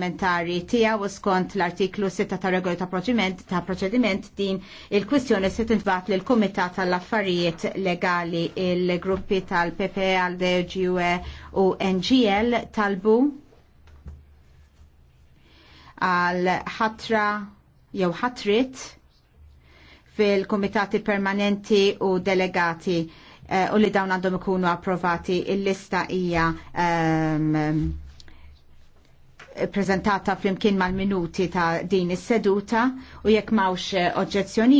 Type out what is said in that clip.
parlamentari tija u skont l-artiklu 6 ta' regoli ta' proċediment ta' proċediment din il-kwistjoni se tintbat l kumitat tal-affarijiet legali il-gruppi tal-PP għal e, DGUE u e NGL talbu għal ħatra jew ħatrit fil-komitati permanenti u delegati eh, u li dawn għandhom ikunu approvati il-lista hija ehm, prezentata flimkien mal-minuti ta' din is-seduta u jekk mawx oġġezzjoni